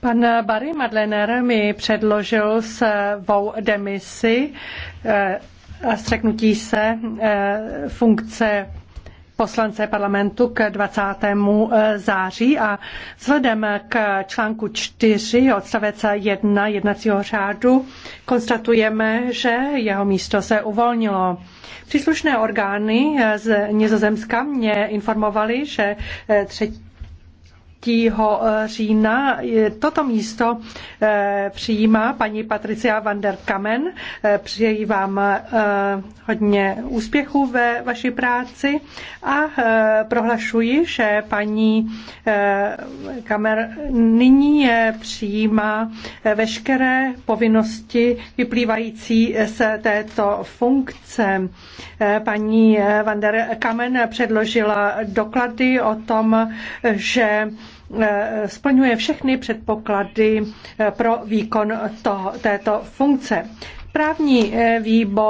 Pan Barry Madlener mi předložil svou demisi eh, a střeknutí se eh, funkce poslance parlamentu k 20. Eh, září a vzhledem k článku 4 odstavec 1 jednacího řádu konstatujeme, že jeho místo se uvolnilo. Příslušné orgány z Nizozemska mě informovali, že třetí Eh, října toto místo eh, přijímá paní Patricia van der Kamen. Eh, přeji vám hodně úspěchů ve vaší práci a prohlašuji, že paní Kamer nyní přijímá veškeré povinnosti vyplývající z této funkce. Paní van der Kamen předložila doklady o tom, že Eh, splňuje všechny předpoklady eh, pro výkon to, této funkce. Právní eh, výbor